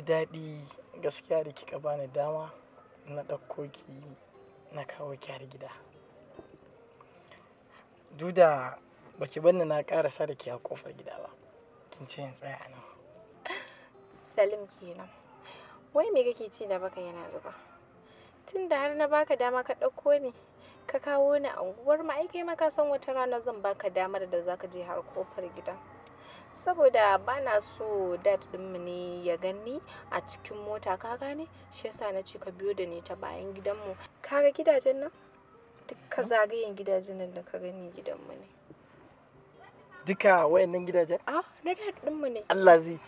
ji daɗi gaskiya da kika bani dama na ɗauko ki na kawo ki har gida. Duda baki banni na ƙarasa da ke a ƙofar gida ba. Kin ce in tsaya nan. Salim kenan. Wai me kake ci da baka yana zuba? Tun da har na baka dama ka ɗauko ni ka kawo ni a unguwar ma ai ma ka san wata rana zan baka damar da zaka je har ƙofar gida. saboda ba na so dad ɗinmu ne ya ganni a cikin mota ka gane shi yasa na ce ka biyo da ni ta bayan gidanmu kaga gidajen nan duka zagayen gidajen nan da ka gani gidanmu ne duka wayannan gidajen ah na dad ɗinmu ne Allah zai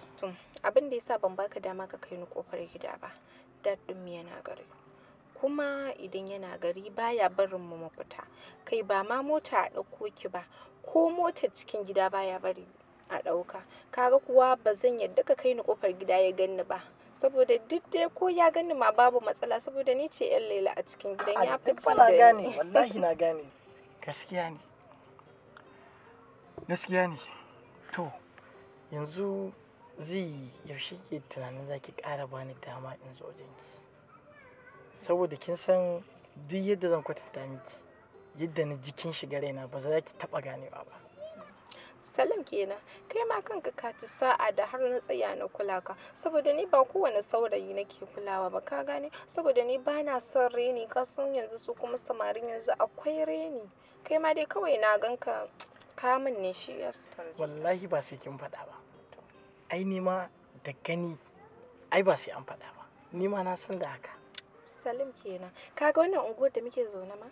abin da yasa ban baka dama ka kai ni kofar gida ba dad ɗinmu yana gari kuma idan yana gari baya barin mu mafita kai ba ma mota a ɗauko ki ba ko mota cikin gida baya bari a ɗauka kaga kuwa ba zan yadda ka kai ni kofar gida ya ganni ba saboda duk dai ko ya ganni ma babu matsala saboda ni ce yan laila a cikin gidan ya fi ci da wallahi na gane gaskiya ne gaskiya ne to yanzu zai yaushe ke tunanin zaki ƙara bani dama in zo wajenki saboda kin san duk yadda zan kwatanta miki yadda na jikin shiga raina ba za ki taɓa ganewa ba Salin kenan kai ma kanka ka ci sa'a da har na tsaya na kula ka saboda ni ba kowane saurayi nake kulawa ba ka gane saboda ni ba na son reni ka san yanzu su kuma samarin yanzu akwai reni kai ma dai kawai na ganka min ne shi ya wallahi ba sai kin faɗa ba ai ni ma da gani ai ba sai an faɗa ba ni ma na san da haka salim kenan kaga wannan unguwar da muke zaune ma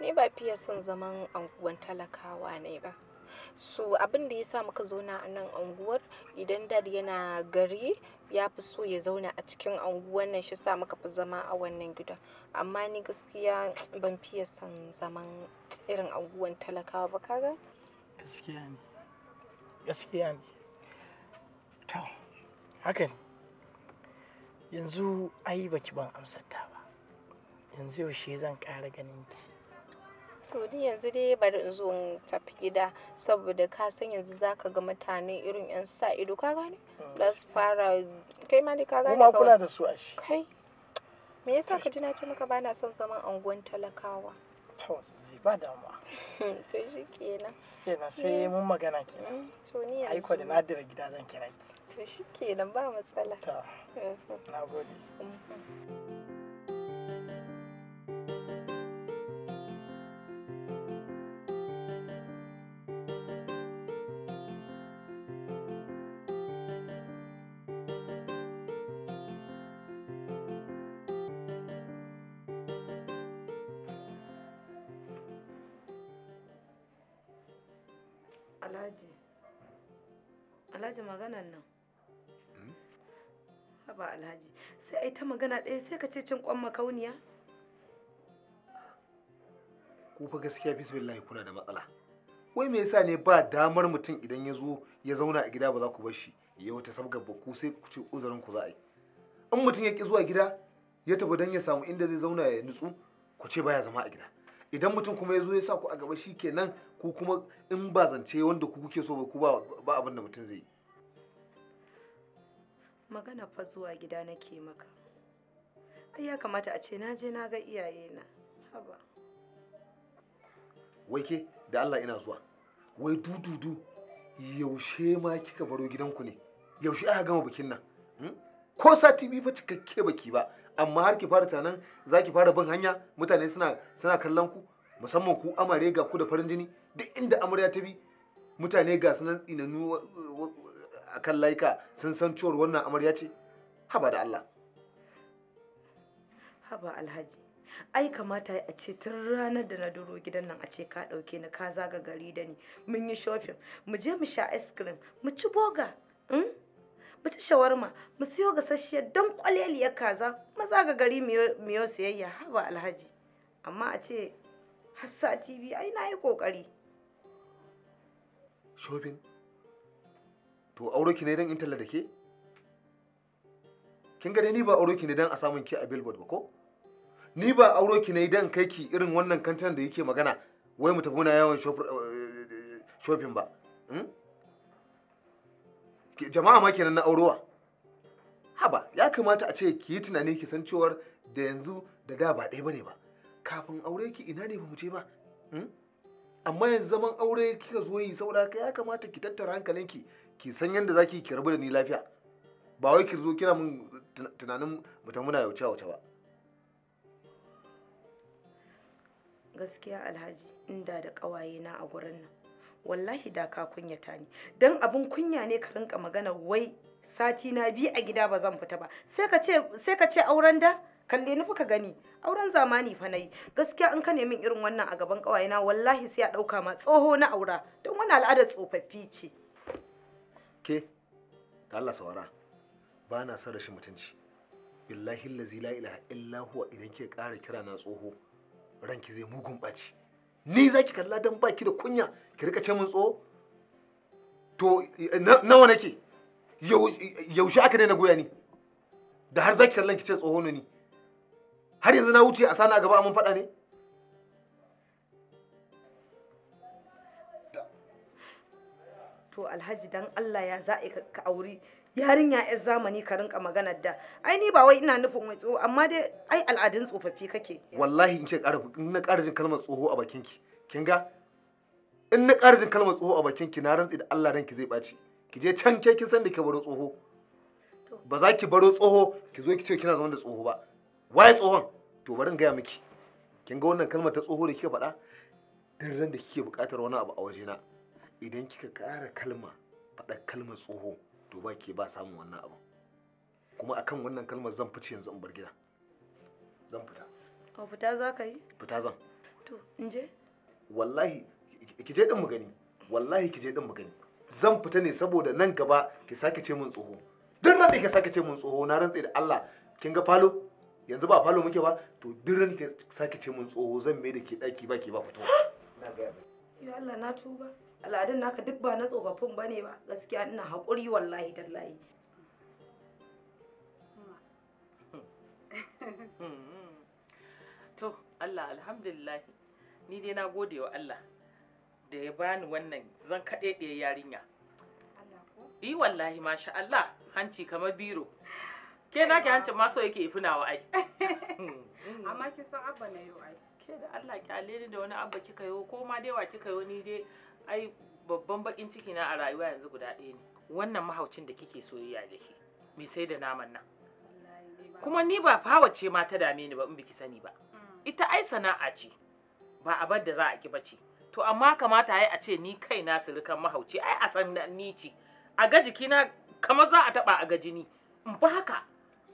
ni ba fiye son zaman anguwan talakawa ne ba so abin da ya sa muka zauna a nan anguwar idan dad yana gari ya fi so ya zauna a cikin anguwar nan shi sa muka fi zama a wannan gida amma ni gaskiya ban fiye son zaman irin anguwan talakawa ba kaga gaskiya ne gaskiya ne to haka yanzu ai baki ban amsar ta ba yanzu yaushe zan ƙara ganin ki so ni yanzu dai bari in zo in tafi gida saboda ka san yanzu ka ga mutane irin yan sa ido ka gane mm. za su fara kai ma dai ka gane kuma kula da su a shi kai me yasa ka ji na ce maka bana son zaman anguwan talakawa to ba damuwa to shi kenan kenan sai mun magana kenan mm, to ni yanzu aiko da dira gida zan kira ki to shi kenan ba matsala to na gode mm-hmm. Alhaji. Alhaji maganan nan. Hmm? ba Alhaji, sai ai ta magana ɗaya sai ka ce cin kwan makauniya? Ku fa gaskiya bismillah kuna da matsala. Wai me yasa ne ba damar mutum idan ya zo ya zauna a gida ba za ku bar shi ya wata sabgar ba ku sai ku ce uzurin ku za a yi. In mutum ya ki zuwa gida ya tafi dan ya samu inda zai zauna ya nutsu ku ce baya zama a gida. idan mutum kuma ya zo ya sa ku a gaba shi kenan ku kuma in ba zance wanda ku kuke so ba ku ba abin da mutum zai yi magana fa zuwa gida nake maka ai ya kamata a ce na je na ga iyaye na haba wai ke da Allah ina zuwa wai dududu yaushe ma kika baro gidanku ne yaushe aka gama bikin nan hmm? ko sati biyu fa cikakke baki ba amma har ki fara tunanin za ki fara bin hanya mutane suna suna kallon ku musamman ku amare ga ku da farin jini duk inda amarya ta bi mutane ga sunan tsinanu a kan laika sun san cewar wannan amarya ce haba da Allah haba alhaji ai kamata a ce tun ranar da na duro gidan nan a ce ka ɗauke ni ka zaga gari da ni mun yi shopping mu je mu sha ice cream mu ci boga hmm? mu shawarma mu siyo gasasshiyar dan kwaleliyar kaza maza ga gari miyo siyayya haba alhaji amma a ce hassa tv ai na yi kokari shobin to auro ki ne dan intala da ke kin gane ni ba auro ki ne dan a samun ki a billboard ba ko ni ba auro ki ne dan kai ki irin wannan kantan da yake magana wai mu tafi muna yawan shopping eh, ba hmm? jama'a ma kenan na aurowa haba ya kamata a ce ki yi tunani ki san cewar da yanzu da da ba ɗaya bane ba kafin aure ki ina ne mu je ba hmm? amma yanzu zaman aure kika zo yi saboda ka ya kamata ki tattara hankalinki ki san yadda zaki ki rabu da ni lafiya ba wai ki zo kina mun tunanin mutum muna yauce wace ba gaskiya alhaji inda da kawaye na a gurin nan wallahi da ka kunyata ni dan abun kunya ne ka rinka magana wai sati na biyu a gida ba zan fita ba sai ka ce auren da kalle ni ka gani auren zamani fa nayi gaskiya in ka nemi irin wannan a gaban na wallahi sai a dauka ma tsoho na aura don wani al'ada tsofaffi ce ke da Allah sawara ba na son rashin mutunci billahi allazi la ilaha illa huwa idan ke kara kira na tsoho ranki zai mugun ɓaci ni za ki kalla don baki da kunya ki rika ce mun tso to nawa nake yaushe aka daina goya ni da har za ki ki ce tsoho ni har yanzu na wuce a sana a gaba mun faɗa ne to alhaji dan Allah ya za'i ka auri yarinya yar zamani ka rinka magana da ai ni ba wai ina nufin wai tsoho amma dai ai al'adun tsofaffi kake wallahi in ke ƙara in na ƙara jin kalmar tsoho a bakin ki kin ga in na ƙara jin kalmar tsoho a bakin ki na rantsi da Allah ranki zai ɓaci ki je can ke kin san da ke baro tsoho ba za ki baro tsoho ki zo ki ce kina zama da tsoho ba waye tsohon to bari in gaya miki kin ga wannan kalmar ta tsoho da kika faɗa duk ran da kike buƙatar wani abu a wajena idan kika ƙara kalma faɗa kalmar tsoho to ba ke ba samun wannan abu kuma akan wannan kalmar zan fice yanzu in bar gida zan fita a oh, fita za ka yi fita zan to in je wallahi ki je din mu gani wallahi ki je din mu gani zan fita ne saboda nan gaba ki sake ce mun tsoho duk ran da ki sake ce mun tsoho na rantse da Allah kin ga falo yanzu ba falo muke ba to duk ran ki sake ce mun tsoho zan mai da ke daki ba ke ba fito na ga ya Allah na tuba al'adun naka duk ba na tsofaffin ba ne ba gaskiya ina haƙuri wallahi tallahi to Allah alhamdulillah ni dai na gode wa Allah da ya bani wannan zan kaɗe ɗaya yarinya yi wallahi masha Allah hanci kamar biro ke na ke hancin maso yake wa ai hmm. amma ki san abba na yau ai ke da Allah kyale ni da wani abba kika yo ko ma dai wa kika yo ni dai ai babban bakin ciki na a rayuwa yanzu guda ɗaya ne wannan mahaucin da kike soyayya da shi mai sai da naman nan kuma ni ba fawa ce ma ta dame ni ba in biki sani ba mm. ita ai sana'a ce ba a bar da za a ki bace to amma kamata ai a ce ni kai na sirikan mahauci ai a san ni ce a ga jikina kamar za a taba a ga jini in ba haka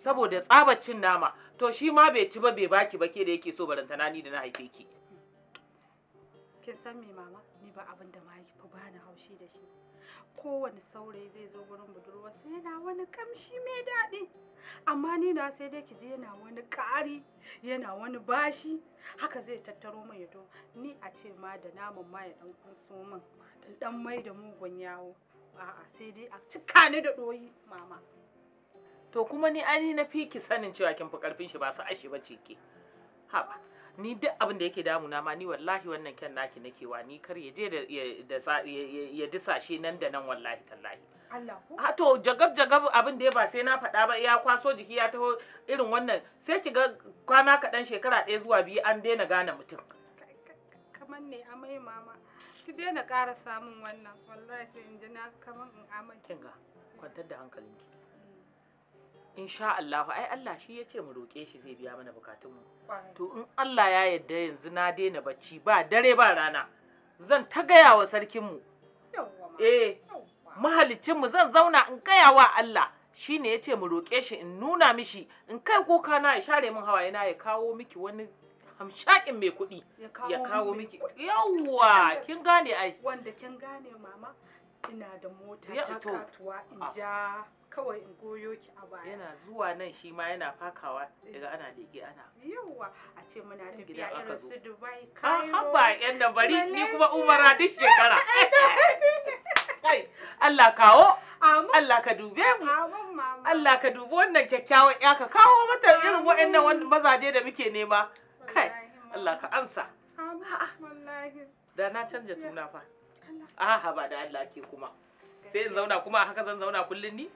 saboda tsabar cin nama to shi ma bai ci ba bai baki ba ke da yake so barantana ni da na haife ki kin san me mama ni ba abin da mahaifi ba na haushi da shi kowane saurayi zai zo gurin sai yana wani kamshi mai daɗi amma ni na sai dai ki je yana wani ƙari yana wani bashi haka zai tattaro min ya ni a ce ma da naman ma ya ɗan kunso min dan mai da mugun yawo a'a sai dai a cika ni da ɗoyi mama to kuma ni ani na fi ki sanin cewa kin fi karfin shi ba su ashe ba ce ke haba ni duk abin da yake damuna ma ni wallahi wannan kyan naki nake wa ni kar ya je ya shi nan da nan wallahi tallahi a ah, to jagab jagab abin da ya ba sai na faɗa ba ya kwaso jiki ya taho irin wannan sai ki ga kwana kaɗan shekara ɗaya zuwa biyu an daina gane mutum kamar ne amai mama ki daina ƙara samun wannan wallahi sai in ji na kamar in amai ga kwantar da hankalinki insha Allah ai Allah shi ya ce mu roƙe shi zai biya mana bukatunmu to in Allah ya yarda yanzu na daina bacci ba dare ba rana zan ta gaya wa sarkinmu eh mahalicinmu zan zauna in gaya wa Allah shi ne ya ce mu roƙe shi in nuna mishi in kai kuka na ya share min hawaye na ya kawo miki wani hamshakin mai kuɗi ya kawo miki yawwa kin gane ai wanda kin gane mama ina da mota ta katuwa in ja kawai in goyo ki a baya yana zuwa nan shi ma yana fakawa daga ana leke ana yawa a ce muna tafiya irin su Dubai ah, Cairo ah haba yan da bari ni kuma umara duk shekara kai Allah kawo Allah ka dube mu Allah ka dubi wannan kyakkyawan ya ka kawo mata irin waɗannan mazaje da muke nema kai Allah ka amsa da na canja suna fa a haba da Allah ke kuma sai in zauna kuma a haka zan zauna kullum ni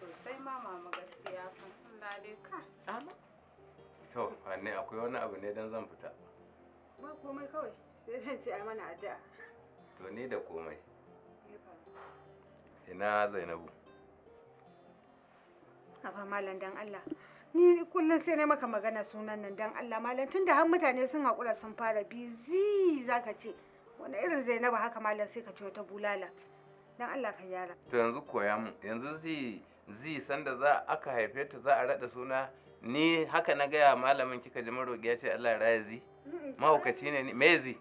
sosai ma mama gaskiya fa Allah dai ka amma to anne akwai wani abu ne don zan fita ba komai kawai sai zan ce ai mana addu'a to ni da komai ina Zainabu Aba malam dan Allah ni kullum sai na maka magana sunan nan dan Allah malam tunda har mutane sun haƙura sun fara bizi zaka ce wani irin Zainabu haka malam sai ka ce wata bulala dan Allah ka gyara. to yanzu koya mu yanzu zai zi sanda za aka haife ta za a raɗa suna ni haka na gaya malamin kika ji maroƙi ya ce Allah ya zi mahaukaci ne me zi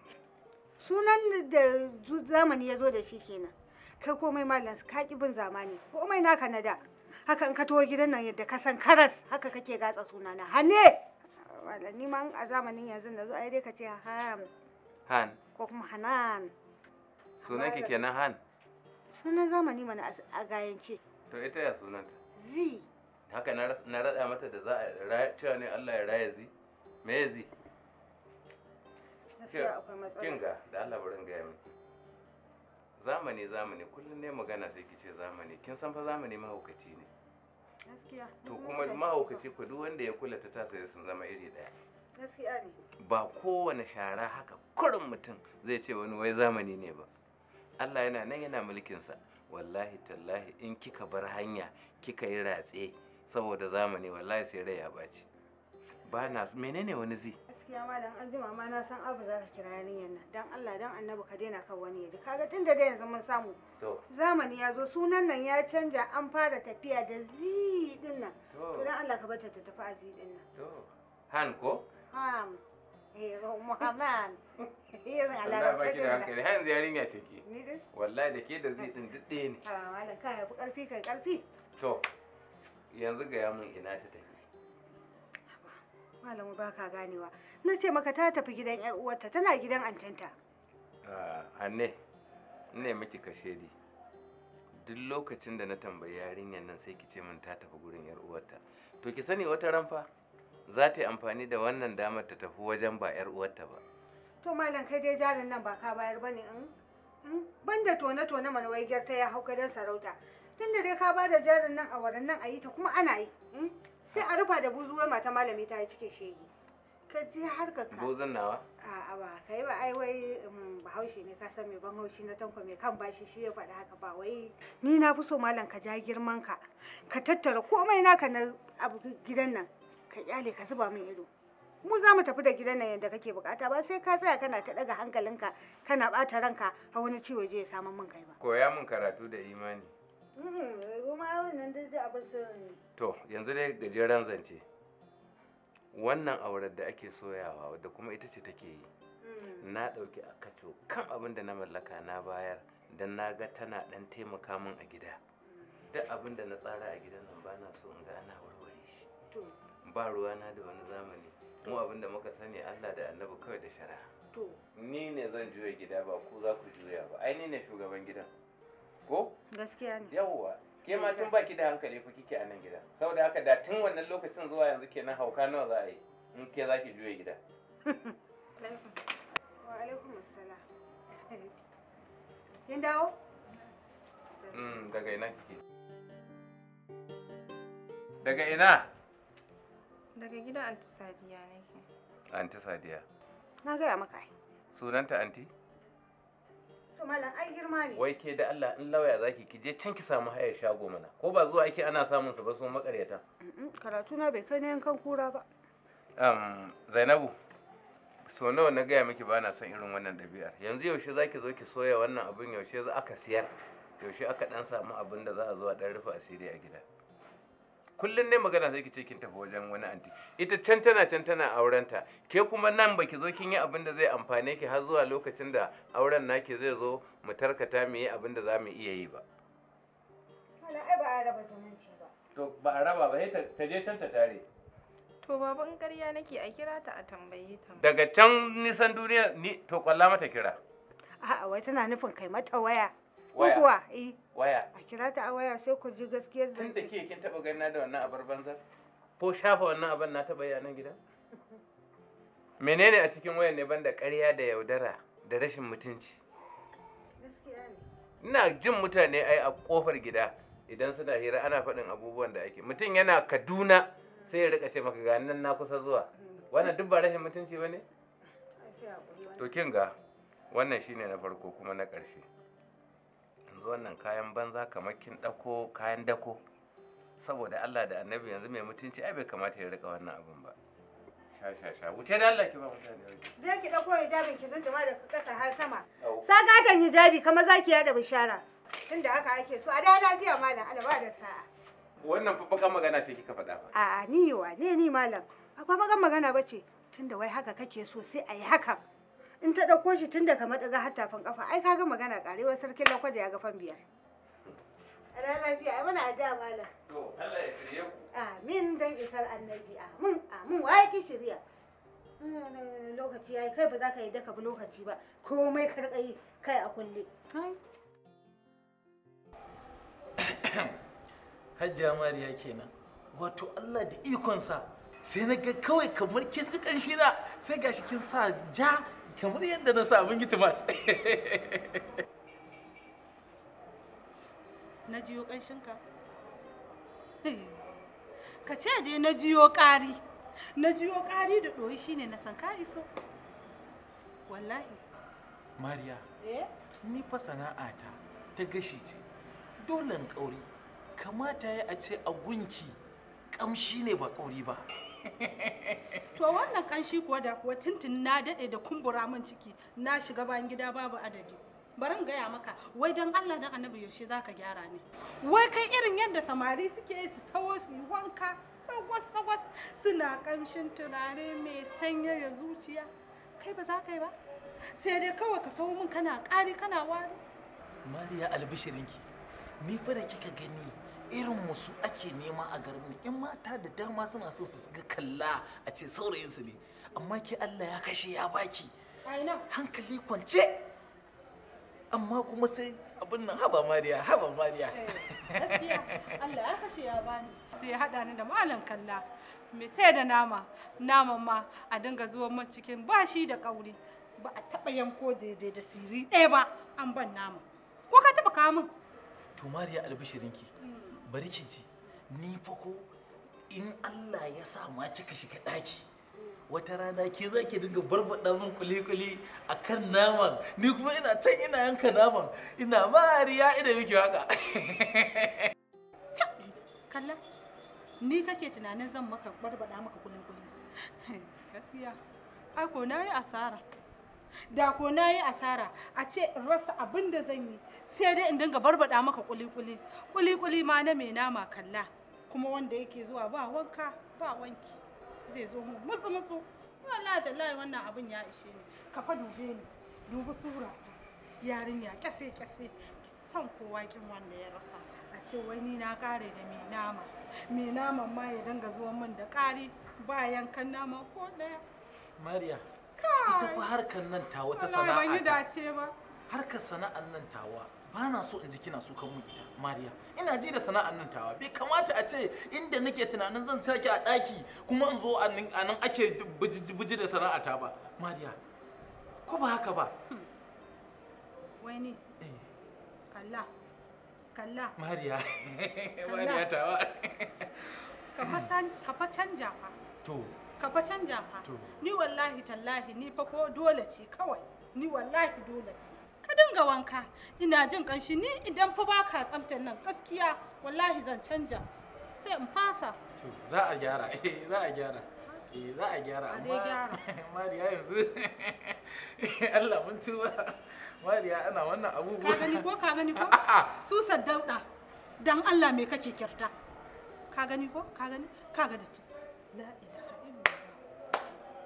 sunan da zamani ya zo da shi kenan kai komai malam ka ki bin zamani komai naka na da haka in ka taho gidan nan yadda ka san karas haka kake gatsa sunana hane ni ma a zamanin yanzu na zo ai dai ka ce han han ko kuma hanan sunan ki kenan han sunan zamani mana a gayance to ita ya sunanta zi haka na raɗa mata da za a cewa ne Allah ya raya zi me ya zi kin ga da Allah burin gaya miki zamani zamani kullum ne magana sai ki ce zamani kin san fa zamani mahaukaci ne to kuma mahaukaci ku duk wanda ya kula ta tasa sun zama iri daya gaskiya ne ba kowane shara haka kurin mutum zai ce wani wai zamani ne ba Allah yana nan yana mulkinsa wallahi tallahi in kika bar hanya kika yi ratse saboda zamani wallahi sai rai ya baci ba na menene wani zi gaskiya malam an jima ma na san abu za ka kira yarinyar nan dan Allah dan annabi ka daina kan wani yaji kaga tunda da yanzu mun samu zamani ya zo sunan nan ya canja an fara tafiya da zi din nan to dan Allah ka bar ta tafi a zi din nan to han ko ha Muhammad. Allah yarinya ce ke. Wallahi da ke da zai din duk ne. Ah, to, yanzu ina ta tafi. Malamu ba ka ganewa. Na ce maka ta tafi gidan 'yar uwarta tana gidan antanta. A ah, ne miki kashedi. Duk lokacin da na tambayi yarinyar nan sai ki ce min ta tafi gurin 'yar uwarta. To ki sani wata ran fa za ta yi amfani da wannan damar ta tafi wajen ba 'yar uwarta ba to malam kai dai jarin nan ba ka bayar bane in banda tone tone mana waigar ta ya hau gadon sarauta tunda dai ka ba da jarin nan a waran nan a yi ta kuma ana yi sai a rufa da buzuwar mata malami ta yi cike shege ka ji har ka Buzun nawa a'a ba kai ba ai wai um, bahaushe ne ka san me ban haushi na tanko mai kan bashi shi ya faɗi haka ba wai ni na fi so malam ka ja girman ka ka tattara komai naka na abu gidan nan ka kyale ka zuba min ido mu za mu tafi da gidan nan yadda kake bukata ba sai ka tsaya kana ta daga hankalinka kana bata ranka har wani ciwo je ya samu min kai ba koya min karatu da imani mm-hmm. to yanzu dai gajeren zance wannan aurar da ake soyawa wadda kuma ita ce take yi mm. na dauki a kato kan abin da na mallaka na bayar dan na ga tana dan taimaka min a gida mm. duk abin da na tsara a gidan nan ba na so in ga ana warware shi ba ruwana da wani zamani mu abinda muka sani Allah da annabi kawai da shari'a to ni ne zan juya gida ba ku za ku juya ba ai ni ne shugaban gidan ko gaskiya ne yawwa ke ma tun baki da hankali ku kike a nan gida saboda haka da tun wannan lokacin zuwa yanzu kenan hauka nawa za a yi in ke za ki juya gida wa alaikum assalam kin dawo mm, daga ina kike daga ina Daga gidan Anti Sadiya nake. Anti Sadiya. Na gaya maka. Sunanta Anti? To malam ai girma ne. Wai ke da Allah in lauya zaki ki je can ki samu hayar shago mana. Ko ba zuwa ake ana samun su ba sun makaryata. Karatu na bai kai na yankan kura ba. Um, Zainabu, so nawa na gaya miki ba na son irin wannan ɗabi'ar. Yanzu yaushe zaki zo ki soya wannan abin yaushe za aka siyar. Yaushe aka ɗan samu abin da za a zo a ɗan rufe asiri a gida. kullum ne magana sai ki ce kin tafi wajen wani anti ita can tana can tana aurenta ke kuma nan baki zo kin yi abin da zai amfane ki har zuwa lokacin da auren naki zai zo mu tarkata mu yi abin da za mu iya yi ba ana ai ba a raba zumunci ba to ba a raba ba sai ta je can ta tare to baban ƙarya nake a kira ta a tambaye ta daga can nisan duniya ni to kwalla mata kira a'a wai tana nufin kai mata waya waya kuwa eh waya a kira ta a waya sai ku ji gaskiyar zan da ke kin taba ganna da wannan abar banza ko shafa wannan abin na taba yana gida menene a cikin wayar ne banda ƙarya da yaudara da rashin mutunci ina jin mutane ai a kofar gida idan suna hira ana faɗin abubuwan da ake mutum yana kaduna sai ya rika ce maka ga nan na kusa zuwa wannan duk ba rashin mutunci ba ne to kin ga wannan shine na farko kuma na ƙarshe yanzu wannan kayan banza kamar kin kayan dako saboda Allah da annabi yanzu mai mutunci ai bai kamata ya rika wannan abin ba wuce da Allah ki ba mutane zai ki ɗauko hijabin ki zan ma da kasa har sama sagatan hijabi kamar zaki yada bishara tunda haka ake so a da lafiya malam alaba da sa'a wannan fafakan magana ce kika faɗa ba. a'a ni wa ne ni malam akwai bakan magana bace tunda wai haka kake so sai a yi haka in ta ɗauko shi tun daga madaga har tafin kafa ai kaga magana karewar sarkin lakwaje ya ga fan biyar ana lafiya ai muna da mala to Allah ya shirye ku amin dan isar annabi amin amin waye ki shirya hmm, lokaci yayi kai ba za ka yi daka bi lokaci ba komai ka rika yi kai a kulle Hajiya Mariya kenan wato Allah da ikonsa sai na ga kawai kamar kin ci ƙarshi na sai gashi kin sa ja kamar yadda na sa abin gitimat na jiyo ƙanshinka ka ce dai na jiyo ƙari na jiyo ƙari da ɗoyi shine na san ka iso wallahi mariya eh? ni fa sana'a ta gashi ce dole ƙauri kamata ya a ce a gunki ƙamshi ne ba ƙauri ba to wannan kanshi kuwa da kuwa Tintin na daɗe da kumbura min ciki na shiga bayan gida babu adadi barin gaya maka wai don allah don annabi yaushe za ka gyara ne wai kai irin yadda samari suke yi su tawo su yi wanka tagwas tagwas suna kamshin turare mai sanya sanyaya zuciya kai ba za ka yi ba sai dai kawai ka tawo min kana ƙari kana wari mariya albishirinki ni fa da kika gani irin musu ake nema a garin nan in mata da dama suna so su ga kalla a ce saurayinsu ne amma ke Allah ya kashe ya baki hankali kwance amma kuma sai abin nan haba mariya haba mariya eh, gaskiya Allah ya kashe ya bani sai ya hada ni da malam kalla me sai da nama nama ma a dinga zuwa mun cikin bashi da kauri ba a taba yanko daidai da siri ɗaya ba an ban nama ko ka taba kamun to mariya albishirinki bari ki ji ni fa ko in Allah ya sa ma kika shiga daki wata rana ke za ki dinga barbaɗa min kuli-kuli a kan naman ni kuma ina can ina yanka naman ina mariya ina miki haka kalla ni kake tunanin zan maka barbaɗa maka kuli-kuli gaskiya ako na yi asara da ko na yi asara a ce in rasa abin da zan yi sai dai in dinga barbada maka kuli-kuli kuli-kuli ma na mai nama kalla kuma wanda yake zuwa ba wanka ba wanki zai zo mu musu musu wallahi tallahi wannan abin ya ishe ni ka fa dube ni dubi sura yarinya kese-kese ki san kowa kin wanda ya rasa a ce wai ni na kare da mai nama mai nama ma ya dinga zuwa min da kari bayan yankan nama ko daya mariya ita fa harkar nan ta wata sana'a ban yi dace ba harkar sana'ar nan tawa ba na so in ji kina so kan mun ita mariya ina ji da sana'ar nan tawa bai kamata a ce inda nake tunanin zan sake a daki kuma in zo a nan ake biji da sana'a ta ba mariya ko ba haka ba hmm. wani eh. kalla kalla mariya mariya tawa ka fa canja fa to ka fa canja fa ni wallahi tallahi ni fa ko dole ce kawai ni wallahi dole ce ka dinga wanka ina jin kanshi ni idan fa baka tsaftar nan gaskiya wallahi zan canja sai in fasa za a gyara eh za a gyara eh za a gyara amma mariya yanzu Allah mun tuba mariya ana wannan abubuwa ka gani ko ka gani ko susar dauda dan Allah me kake kirta ka gani ko ka gani ka ga da la ilaha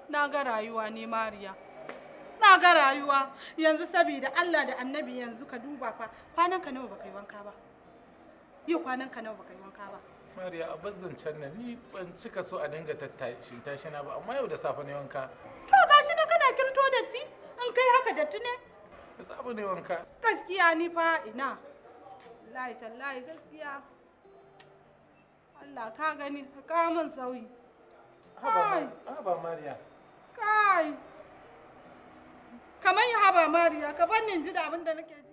na ga rayuwa ne mariya na ga rayuwa yanzu saboda allah da annabi yanzu ka duba fa kwanan ka nawa baka yi wanka ba yau kwanan ka nawa baka yi wanka ba mariya a can nan ni ban cika so a dinga tattashin tashina ba amma yau da safe ne wanka to gashi na kana kirto datti in kai haka datti ne da safe ne wanka gaskiya ni fa ina wallahi tallahi gaskiya Allah ka gani ka kawo min sauyi haba mariya Kai! Kamar ya haba Mariya, ka bar ni ji da abin da nake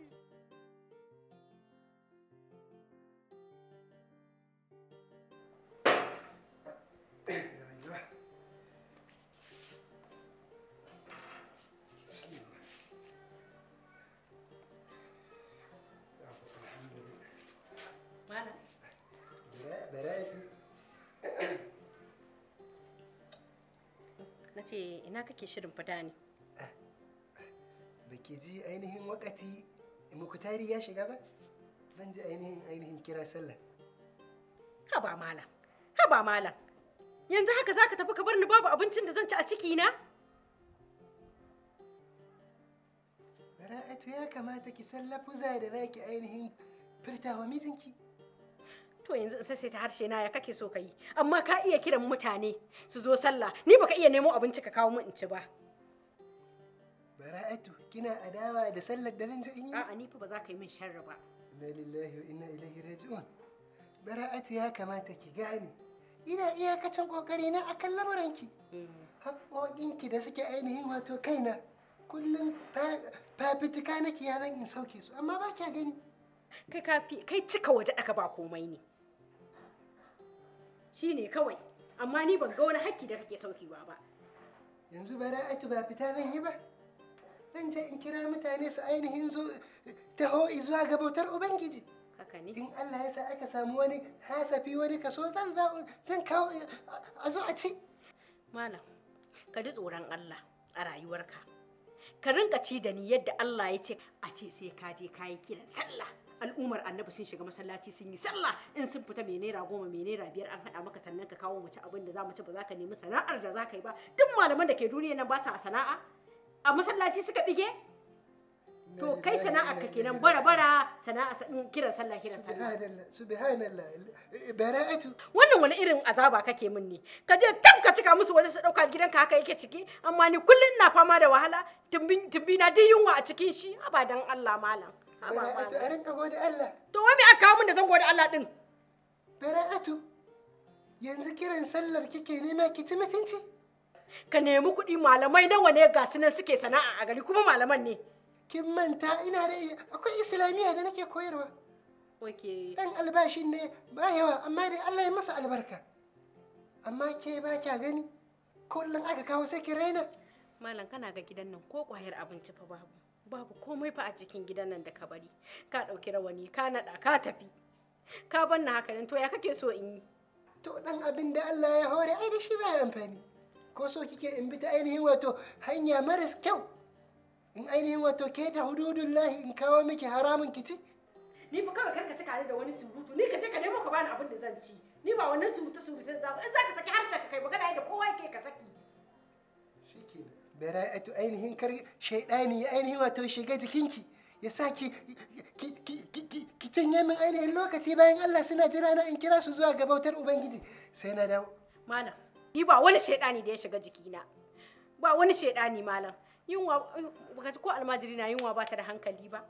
ce ina kake shirin fita ne baki ji ainihin wakati mukutari ya shiga ba zan ji ainihin ainihin kira sallah haba malam haba malam yanzu haka zaka tafi ka bar ni babu abincin da zan ci a ciki na bara'atu ya kamata ki za da zaki ainihin wa mijinki to yanzu in sai ta harshe na ya kake so ka yi amma ka iya kiran mutane su zo sallah ni baka iya nemo abinci ka kawo min in ci ba bara'atu kina adawa da sallar da zan in yi a'a ni fa ba za ka yi min sharri ba inna lillahi wa inna ilaihi raji'un bara'atu ya kamata ki gane ina iyakacin kokari na akan lamuranki eh. haƙoƙinki da suke ainihin wato kaina kullum fafitika nake ya zan in sauke su amma ba kya gani kai kafi kai cika waje aka ba komai ne ne kawai amma ni ban ga wani hakki da kake saukewa ba yanzu bara'atu ba fita zan yi ba zan je in kira mutane su ainihin zo taho zuwa ga bautar ubangiji haka ne in Allah ya sa aka samu wani hasafi wani kaso zan zan kawo a zo a ci malam ka ji tsoron Allah a rayuwarka ka rinka ci da ni yadda Allah ya ce a ce sai ka je ka kiran sallah al'ummar annabi sun shiga masallaci sun yi sallah in sun fita mai naira goma mai naira biyar an haɗa maka sannan ka kawo mace abin da za mu ci ba za ka nemi sana'ar da za ka yi ba duk malaman da ke duniya nan ba sa sana'a a masallaci suka bige to kai sana'ar ka kenan bara bara sana'a mm, kiran sallah kiran sallah subhanallah eh, bara'atu wannan wani irin azaba kake min ne ka je tab ka cika musu wani su dauka gidanka haka yake ciki amma ni kullun ina fama da wahala tumbi na duk yunwa a cikin shi abadan Allah malam Bara'atu a rinka gode Allah. To wai me aka kawo min da zan gode Allah din? Bara'atu yanzu kiran sallar kike nema ki ci mutunci? Ka nemi kuɗi malamai nawa ne ga su nan suke sana'a a gari kuma malaman ne. Kin manta ina da akwai islamiyya da nake koyarwa. Oke. Dan albashin ne ba yawa amma dai Allah ya masa albarka. Amma ke ba kya gani kullum aka kawo sai ki raina. Malam kana ga gidan nan ko kwayar abinci fa babu. babu komai fa a cikin gidan nan da ka bari ka ɗauki rawani ka naɗa ka tafi ka ban na haka nan to ya kake so in yi to dan abin da Allah ya hore ai da shi ba amfani ko so kike in bi ta ainihin wato hanya maras kyau in ainihin wato ke da hududullahi in kawo miki haramun kici ni fa kawai ci kare da wani surutu ni ka je ka nemo ka bani abin da zan ci ni ba wannan surutu surutu zan ba in zaka saki harshe ka kai magana da kowa yake ka saki bara'atu eh, ainihin kar shaidani ya ainihin wato shiga jikinki ya sa ki ki cinye min ainihin lokaci bayan Allah suna jira na in kira su zuwa gabautar ubangiji sai na dawo malam ni ba wani shaidani da ya shiga jikina ba wani shaidani malam yunwa baka ko almajiri na yunwa ba ta da hankali ba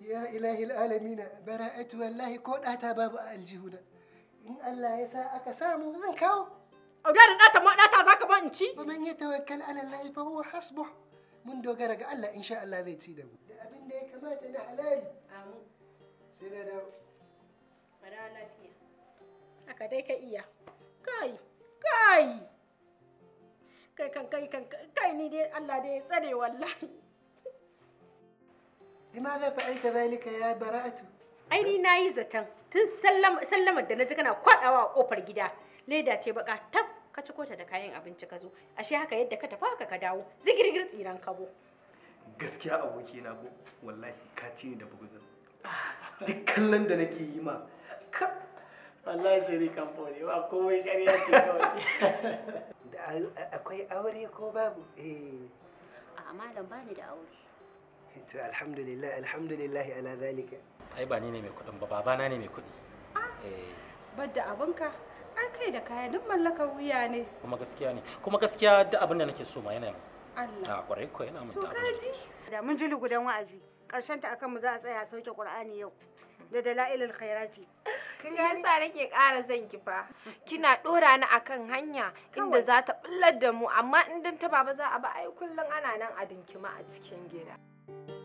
ya ilahi alamina bara'atu eh, wallahi ko data babu aljihuna in Allah ya sa aka samu zan kawo Ogara ɗata ma ɗata za ka ba in ci? Ba man ya tawakkal ala Allah fa huwa hasbuh. Mun dogara ga Allah insha Allah zai ci da mu. Da abin da ya kamata na halali. Amin. Sai na dawo. Bara lafiya. Haka dai ka iya. Kai, kai. Kai kan kai kan kai ni dai Allah dai ya tsare wallahi. لماذا فعلت ذلك يا براءة؟ Ai ni nayi zaton tun sallamar da na ji kana kwadawa a kofar gida leda ce baka tab ka ciko ta da kayan abinci ka zo ashe haka yadda ka tafi haka ka dawo zigirgir tsiran kabo gaskiya aboki na ko wallahi ka ci ni da buguzin duk kallon da nake yi ma ka, wallahi sai ni kan fori ba komai ƙarya ce kawai akwai aure ko babu eh dan malam bani da aure to alhamdulillah alhamdulillah ala zalika ai ba ni ne mai kuɗin ba babana ne mai kuɗi ah. eh da abinka kai da kaya duk mallakar wuya ne kuma gaskiya ne kuma gaskiya duk abin da nake so ma yana yi Allah a kwarai ko yana mun ta abin da mun ji gudan wa'azi karshen ta akan mu za a tsaya sauke Qur'ani yau da dalailul khairati kin ga yasa nake ƙara zan ki fa kina dora ni akan hanya inda za ta bullar da mu amma in dan ta baba za a ba ai kullun ana nan a dinkima a cikin gida